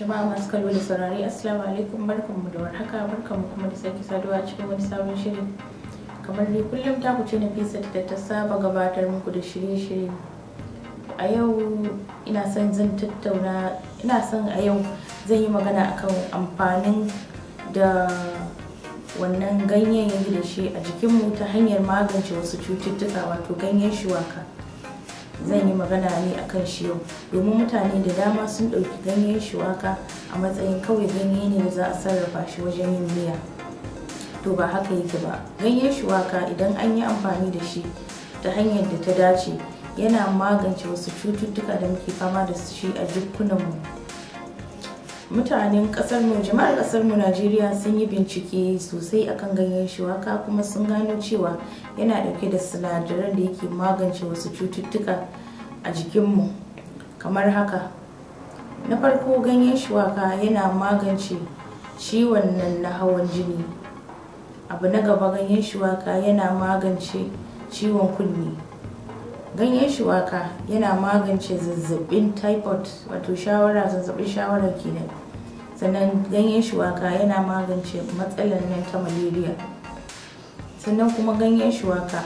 jama'a masu kallo da saurari assalamu alaikum barkanmu da warhaka mu kuma da sake saduwa cikin wani sabon shirin kamar dai kullum ta kuce na fisa da ta saba gabatar muku da shirye-shirye a yau ina son zan tattauna ina son a yau zan yi magana akan amfanin da wannan ganyen yanzu da shi a jikinmu ta hanyar magance wasu cututtuka wato ganyen shuwaka zan yi magana ne a kan shi yau domin mutane da dama sun ɗauki ganyen shuwaka a matsayin kawai ganye ne da za a sarrafa shi wajen yin miya to ba haka yake ba ganyen shuwaka idan an yi amfani da shi ta hanyar da ta dace yana magance wasu cututtuka da muke fama da shi a jikunanmu mutanen kasar mu jama'ar kasar mu Najeriya sun yi bincike sosai akan ganyen shuwaka kuma sun gano cewa yana dauke da sinadaran da yake magance wasu cututtuka a jikinmu kamar haka na farko ganyen shuwaka yana magance ciwon nan na hawan jini abu na gaba ganyen shuwaka yana magance ciwon kunne ganyen shuwaka yana magance zazzabin typhoid wato shawara zazzabin shawara kenan sannan ganyen shuwaka yana magance matsalar nan ta malaria sannan kuma ganyen shuwaka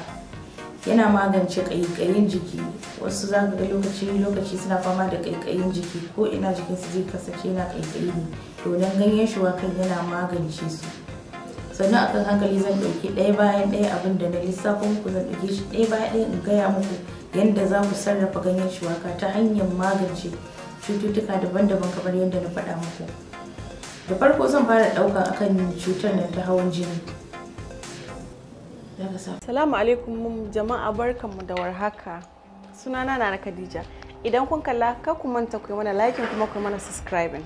yana magance kaikayin jiki wasu za ga lokaci lokaci suna fama da ƙaiƙayin jiki ko ina su zai kasance yana ƙaiƙayi ne to ganyen shuwakan yana magance su sannan a kan hankali zan ɗauki ɗaya bayan ɗaya abin da na lissafo muku zan ɗauke shi ɗaya bayan ɗaya in gaya muku yadda za ku sarrafa ganyen shuwaka ta hanyar magance cututtuka daban-daban kamar yadda na faɗa muku da farko zan fara ɗauka akan cutar nan ta hawan jini Salamu alaikum jama'a barkanmu da warhaka sunana na Khadija idan kun kalla ka ku manta ku mana liking kuma ku mana subscribing